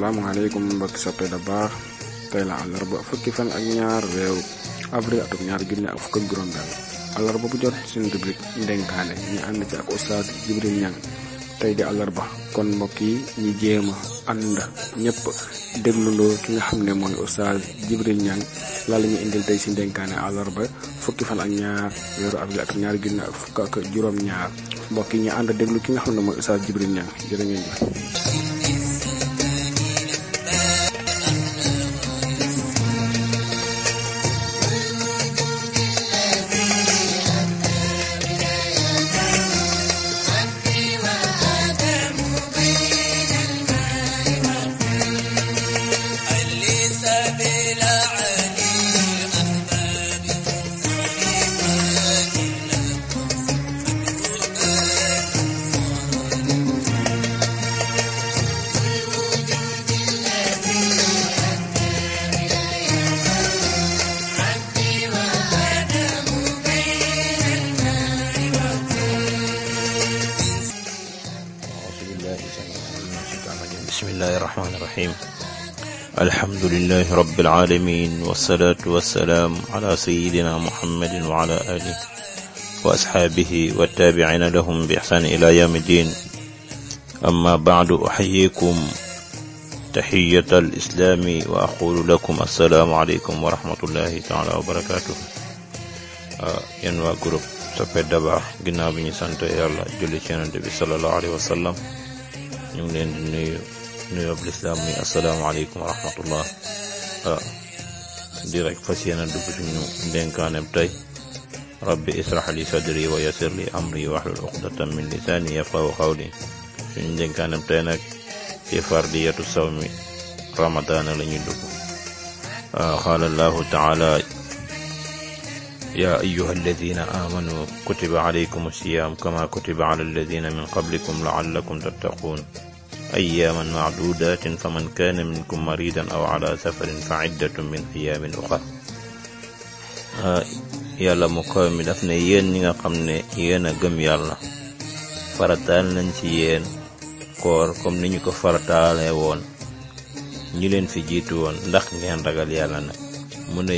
asalaamaaleykum mbokki soppe da baax tey la àllarba fukki fan ak ñaar weeru avril atum ñaar junne ak fukk ak juróom benn bu jot seen rubrique ndenkaane ñu ànd ci ak oustaz Jibril Ñang tey di àllarba kon mbokk yi ñu jéem a ànd ñëpp dégluloo ki nga xam ne mooy oustaz Jibril Ñang la la ñu indil tey si ndenkaane àllarba fukki fan ak ñaar weeru avril atum ñaar ak fukk ak juróom ñaar mbokk yi ñu ànd déglu ki nga xam ne mooy oustaz Jibril Ñang jërë ngeen jëf bismillahi irrahmani irrahim alhamdulilahi rabilalamin wasalaatu wassalaam ala sayidina muhammadin wa ala alihi wa asxaabihi wattaabicina lahum bi ixsaan ila yawmi ddin amma baadu uxayikum taxiyata alislaami wa aqulu lakum assalaamu aleykum wa rahmatullahi taala wa barakatuh ah, yéen waa groupe soppe dabaax ginnaaw bi ñu sant yàlla julli ci yonent bi sallallahu alayhi wa sallam ñu ngi leen di nuyu nuyoo bu lislaam mi asalaamaaleykum wa rahmatullah waaw ah, di rek fas yéene dugg suñu ndénkaanem tey rabbi israh li sadri wa yassir li amri wahlul uqdatan min lisaani yafqahu qawli suñu ndénkaanem tey nag ci fardiyatu sawmi ramadaana la ñuy dugg waaw ah, qaala allahu taala yaa ayyuha alladina aamanu kutiba alaykum asiyaam kama kutiba ala alladina min qablikum laallakum tattaquun أياما معدودات فمن كان منكم مريضا أو على سفر فعدة من أيام mu kaw mi daf ne yéen ñi nga xam ne yéen a gëm yàlla farataal nañ ci yéen koor comme ni ñu ko farataalee woon ñi leen fi jiitu woon ndax ngeen ragal yàlla nag mu ne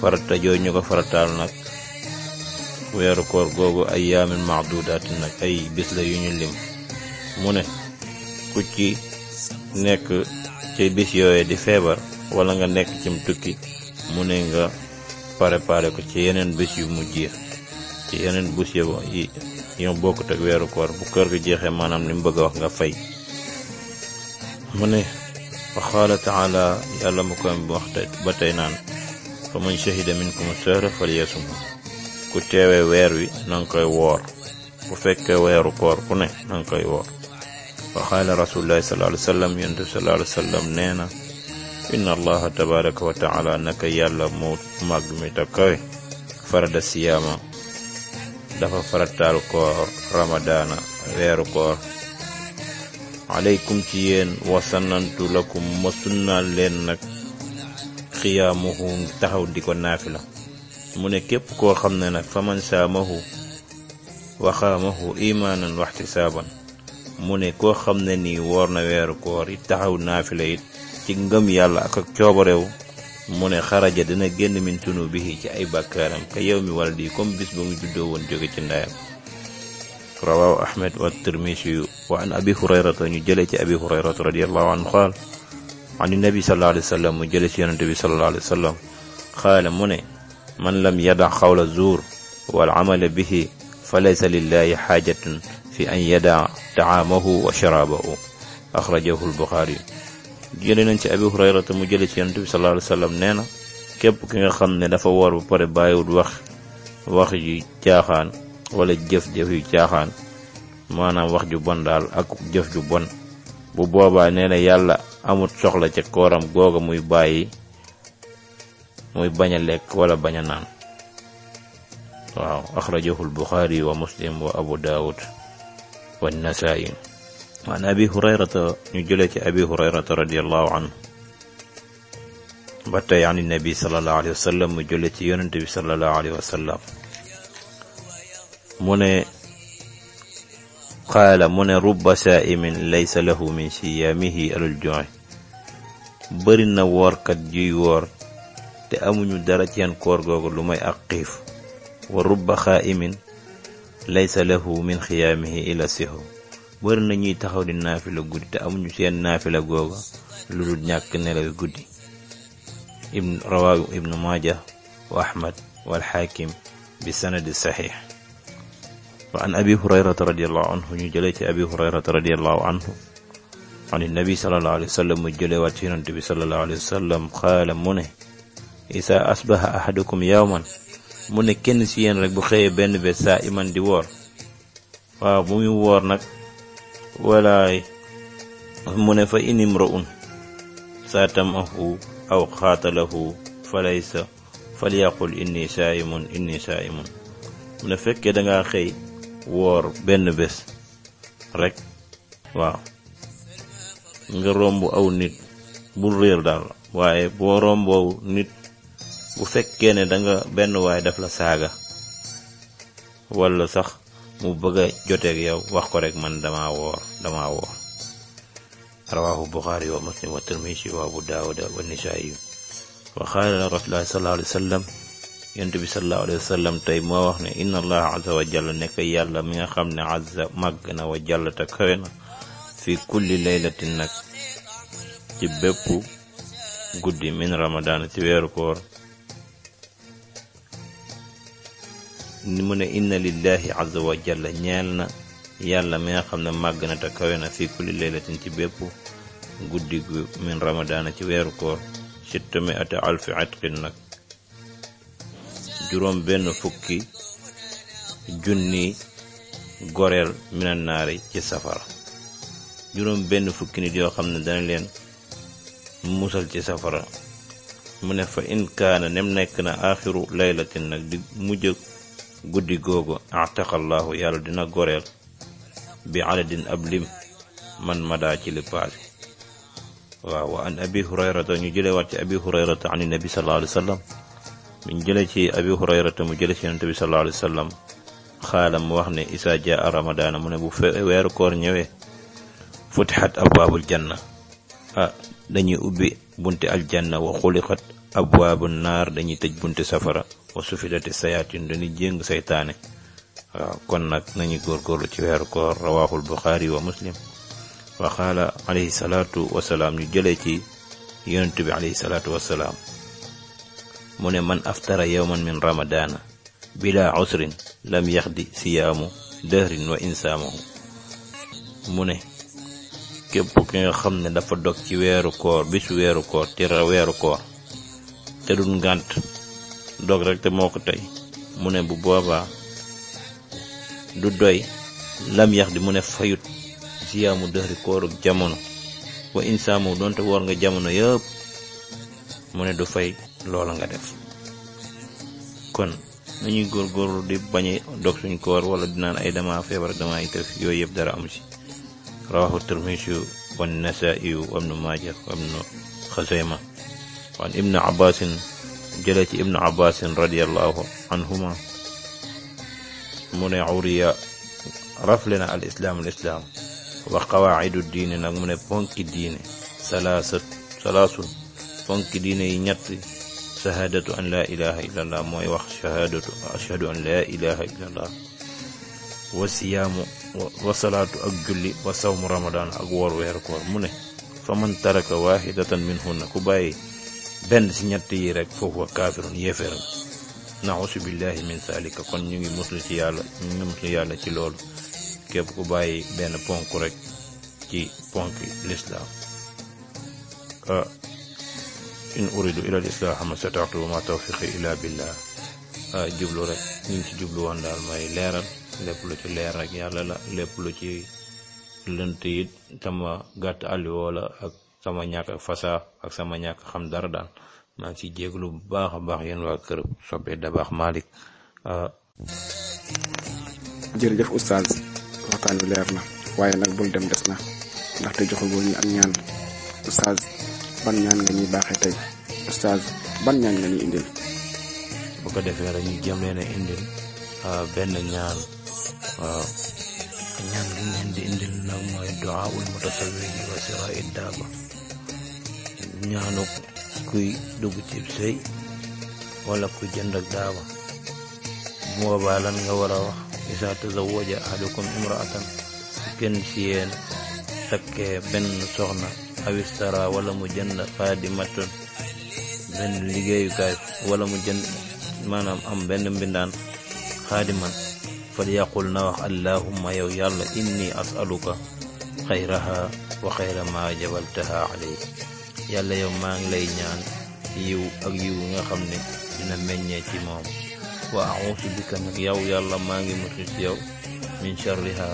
farata jooju ñu ko farataal nag weeru koor googu ay yaamin maxdudaati ay bis la yu ñu lim mu ne ku ci nekk ci bis yooye di feebar wala nga nekk cim tukki mu ne nga préparé ko ci yeneen bés yu mu yi ci yeneen bés yi yoo bokkut ak weeru koor bu kër gi jeexee maanaam li mu bëgg a wax nga fay mu ne wa qaala taala yàlla mu ko am ba tey naan fa man shahida minkum sahra falyasum ku teewee weer wi na nga koy woor ku fekkee weeru koor ku ne na koy woor wa qaala rasulullahi sallallahu alayhi wa sallam yonent bi sallallahu alayhi wa sallam nee na inna allaha tabaraka wa taala naka yàlla moo màgg mi te kawe farada siyaama dafa farataal koor ramadaana weeru koor aleykum ci yéen wasanantu lakum masun naa leen nag xiyaamuhu taxaw di ko naafila mu ne képp koo xam ne nag faman saamahu waxaamahu imaanan waxtisaaban mu ne koo xam ne nii woor na weeru koor it taxaw naafila it ci ngëm yàlla ak ak coobarew mu ne xaraja dina génn min tunu bi ci ay bàkkaaram ka yow mi wala di comme bis ba mu juddoo woon jóge ci ndayam rawaaw ahmed wa tirmisi wa an abi hurayrata ñu jëlee ci abi hurayrata radiallahu anhu qaal an nabi sallallahu alayhi wa mu jëlee ci yonente bi sallallahu alayhi wa sallam qaala mu ne man lam yada xawla zuur wal amala bihi fa laysa lillahi xaajatun fi an yadaa taamahu wa sharaabahu axrajahu albuxaari jële nañ ci abi hurayrata mu jële ci yonent bi sallallahu alayhi wa na képp ki nga xam ne dafa woor ba pare bàyyiwul wax wax yu caaxaan wala jëf-jëf yu caaxaan maanaam wax ju bon daal ak jëf ju bon bu boobaa nee yàlla amut soxla ca kooram googa muy bàyyi muy bañ lekk wala baña a naan waaw axrajahul buxaari wa muslim wa abu daawud والنسائي وعن أبي هريرة نجلة أبي هريرة رضي الله عنه بطي عن النبي صلى الله عليه وسلم نجلة ينتبي صلى الله عليه وسلم من قال من رب سائم ليس له من صيامه الجوع bari na woorkat juy woor te amuñu dara ci yan koor googu lu may ak xiif wa rubba xaa'imin laysa lahu min xiyaamihi ila sihu bëri na ñuy taxaw di naafila guddi te amuñu seen naafila googa lu dul ñàkk nelawi guddi ibn rawaawi ibnu maaja wa ahmad wal xaakim bi sanadi saxiix wa an abi hurayrata radiallahu anhu ñu jëlee ci abi hurayrata radiallahu anhu an nabi salallahu alayhi wa sallam mu jëlee waat ci yonante bi salallahu alayhi wa sallam qaala mu ne isaa asbaha ahadukum yawman mu ne kenn si yéen rek bu xëyee benn bés saa iman di woor waaw bu muy woor nag walaay mu ne fa in imra'un saatamahu aw xaatalahu falaysa falyaqul inni saa'imun inni saa'imun mu ne fekkee danga xëy woor benn bés rek waaw nga romb aw nit bul réer daal waaye boo romboo nit bu fekkee ne danga benn waay daf la saaga walla sax mu bëgg a joteeg yow wax ko rek man dama woor dama woor rawaahu buxaari wa muslim wa tirmisi wa abu daawuda wa nisaayi wa xaala rasulillahi sallallahu alayhi wa sallam bi sallallahu alayhi tey moo wax ne inna allaha azza wa jalla nekk yàlla mi nga xam ne azza na wa jalla te kawe na fi kulli laylatin nag ci bépp guddi min ramadan ci weeru koor mu ne inna lillahi azza wa ñeel na yàlla mi xam ne màgg na te kawe na fii kulli laylatin ci bépp guddi gu min ramadaana ci weeru koor sittami ata alfi atqin nag juróom benn fukki junni goreel minan ci safara juróom benn nit yoo xam ne dana leen musal ci safara mu ne fa in nem nekk na aaxiru laylatin nag di mujj guddi googu ataqallahu yàlla dina goreel bi adadin ab lim man madaa ci li paase waaw an abi hurayrata ñu jële waat ci abi hurayrata an nabi sallallahu alayhi jële ci abi hurayrata mu jële ci yonente bi sallallahu alayhi wa sallam xaala mu wax ne isaa jaa ramadaana mu ne bu weeru koor ñëwee futihat abwaabul janna ah dañuy ubbi bunte aljanna wa xuliqat abwaabu naar dañuy tëj bunte safara wa sufilati sayaatin dañuy jéng saytaane waaw kon nag nañu góorgóorlu ci weeru koor rawaahul buxaari wa muslim wa qaala alayhi salaatu ñu jëlee ci yonent bi alayhi salaatu mu ne man aftara yowman min ramadaana bila usrin lam yaxdi siyaamu dëhrin wa insaamahu mu ne képp ki nga xam ne dafa dog ci weeru koor bisu weeru koor tira weeru koor te du ngànt dog rek te moo ko tey mu ne bu boobaa du doy lam yax di mu ne fayut siyaamu dëxri koorug jamono wa insaamu donte woor nga jamono yëpp mu ne du fay loola nga def kon nañuy góorgóorlu di bañ a dog suñ koor wala naan ay dama feebar dama itaf yooyu yëpp dara amu ci rawahu tirmisiyu wannasaiyu wa ibnu maaja wa ibnu xaseyma waan ibnu abbasin jële ci ibnu abbasin radiallahu anhuma mu ne uriya rafle na al islaam al islaam wa qawaacidu diine nag mu ne ponki diine salaasat salaasun ponki diine yi ñett shahaadatu an laa ilaha illa allah mooy wax shahaadatu ashhadu an laa ilaha illa allah wa siyaamu wasalaatu ak julli wa sawmu ramadaan ak woor weeru koor mu ne fa man taraka waahidatan min hunna ku bàyyi benn ci ñett yi rek foofu wa kaafirun yéeféeram nausu billahi min saalika kon ñu ngi muslu ci yàlla ñu ngi yàlla ci loolu képp ku bàyyi benn ponk rek ci ponk lislaam in uridu ila lislaaha ma stataatu wa ma tawfiqi illa jublu rek ñu ngi ci jublu woon daal may leeral lépp lu ci leer rek yàlla la lépp lu ci lënt it sama gàtt àlliwoo ak sama ñàkk fasa ak sama ñàkk xam dara daal maa ngi ciy jéeglu bu baax a baax yéen waa kër soppe da baax Malick ah. jërëjëf oustaz waxtaan na waaye nag bul dem des na ndaxte joxagoo ñu am ñaan oustaz ban ñaan nga ñuy baaxee tey oustaz ban ñaan nga ñuy indil bu ko defee rek ñu jëm leen a indil ah, benn ñaan waaw ñaan gi ngeen di indil nag mooy duaa ul mutasawwi wa siraa kuy dugg ci sëy wala ku jënd ak daaba bu boobaa lan nga war a wax isa tazawaja ahadukum imraatan su kenn ci yéen benn soxna awistara wala mu jënd xaadimatun benn liggéeyukaay wala mu jënd maanaam am benn mbindaan xaadiman fal yaqul na wax allahumma yow yàlla inni asaluka xayraha wa xayra ma jabaltaha alay yàlla yow maa ngi lay ñaan yiw ak yiw nga xam ne dina meññee ci moom wa ausu bika nag yow yàlla maa ngi musu ci yow min charriha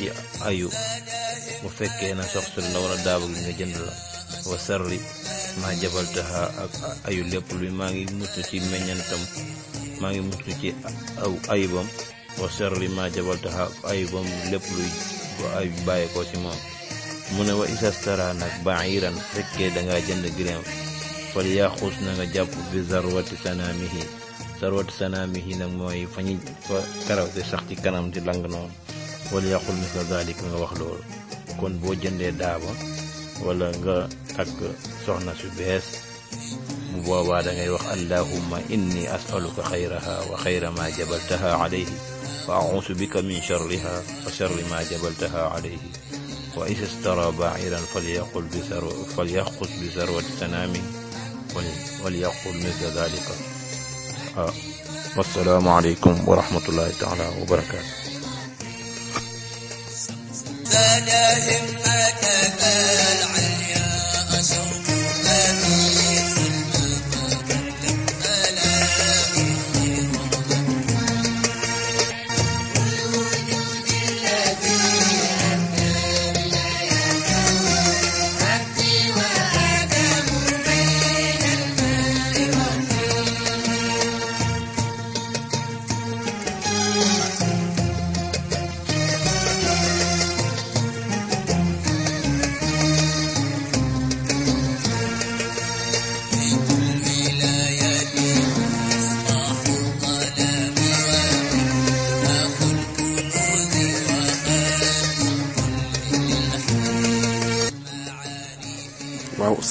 ci ayu bu fekkee na soxsul la wala daaba gi nga la wa sarri ma jabaltaha ayu lépp lu maa ngi musu ci meññantam maa ngi musu ci aw ayibam wa sharri ma jabaltaha ayibam lépp luy ay bàyyi ko ci moom mu ne wa isastara nag ba'iran fekkee danga jënd giréem fal yaxus na nga jàpp bi zarwati sanaamihi zarwati nag mooy fa ñu fa karaw te sax ci kanam di lang noonu wala yaqul misla dalik nga wax loolu kon boo jëndee daaba wala nga takk soxna su bees mu boobaa dangay wax allahumma inni as'aluka xayraha wa xayra ma jabaltaha alayhi fa auusu bika min charriha wa charri ma jabaltaha alayhi wa is istara bairan falyaqul bi sarwa falyaqus bi sarwati tanaami walyaqul misla dalika waaw wassalaamu aleykum wa rahmatullahi taala wa barakaatu زاد همتك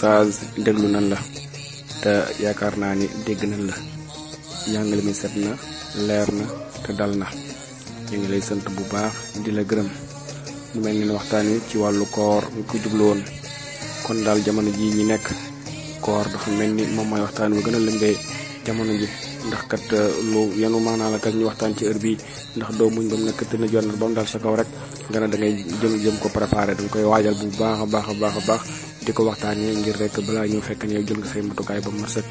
oustaz déglu nan la te yaakaar naa ni dégg nan la njàngale mi set na leer na te dal na ñu ngi lay sant bu baax di la gërëm mu mel ni waxtaan wi ci wàllu koor nga ko jublu woon kon daal jamono ji ñi nekk koor dafa mel ni moom mooy waxtaan wi gën a lëmbee jamono ji ndax kat euh, lu yenu naa la kat ñu waxtaan ci heure bi ndax doo muñ ba nekk dina na ba mu daal sa kaw rek nga ne da ngay jëm jëm ko préparé da koy waajal bu baax a baax a baax a baax di ko waxtaan waxtaanee ngir rek balaa ñu fekk ne jël nga say matukaay ba mu sëkk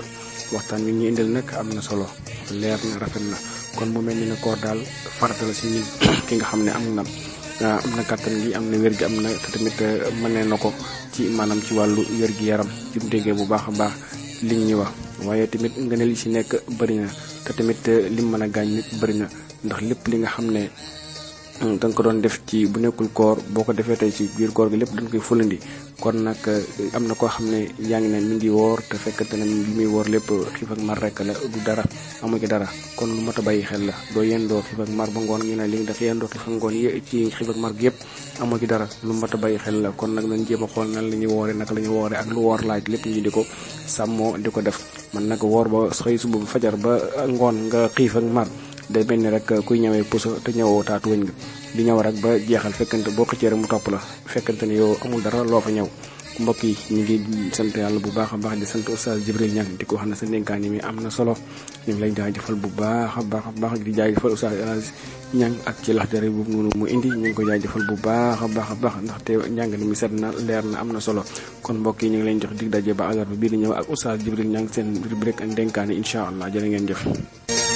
waxtaan wi ñu indil nag am na solo leer na rafet na kon mu mel ni ne koor daal farata si ki nga xam ne am na ah, am na kàttan gi am na wér gi am na te tamit eh, mënee na ko ci maanaam ci wàllu wér gi yaram ci mu déggee bu baax a baax liñ ñu wax waaye tamit nga ne li si nekk bëri na te tamit eh, lim mën a gaañ nit bëri na ndax lépp li nga xam ne. Hmm, da nga ko doon def ci bu nekkul koor boo ko defee tey ci biir koor gi lépp dañ koy fulandi kon nag eh, am na koo xam ne yaa ngi naan mi ngi woor te fekkante ne li muy woor lépp xiif ak mar rek la du dara amu dara kon lu mat a bàyyi xel la doo yendoo xiif ak mar ba ngoon ngi ne li nga def yendoo xiif ak ngoon ci xiif ak mar gi yëpp dara lu mat a bàyyi xel la kon nag nañ jéem a xool nan la ñuy wooree naka la ñuy wooree ak lu woor laaj lépp ñu di ko sàmmoo di ko def man nag woor ba xëy suba ba fajar ba ngoon nga xiif ak mar day mel ni rek uh, kuy ñëwee puso te ñëwoo taatu wëñ nga di ñëw rek ba jeexal fekkante boo xëccee rek mu topp la fekkante ni yow amul dara loo fa ñëw mbokk yi ñu ngi sant yàlla bu baax a baax di sant oustaz Jibril Niang di ko wax ne sa ndénkaan yi mi am na solo ñu ngi lay jaajëfal bu baax a baax a baax di jaajëfal oustaz Niang ak ci laxdari boobu noonu mu indi ñu ngi ko jaajëfal bu baax a baax baax ndaxte njàng mi set na leer na am na solo kon mbokk yi ñu ngi leen jox dig daje ba àllarba bii di ñëw ak oustaz Jibril Niang seen rubrique ndénkaan yi incha allah jërë ngeen jëf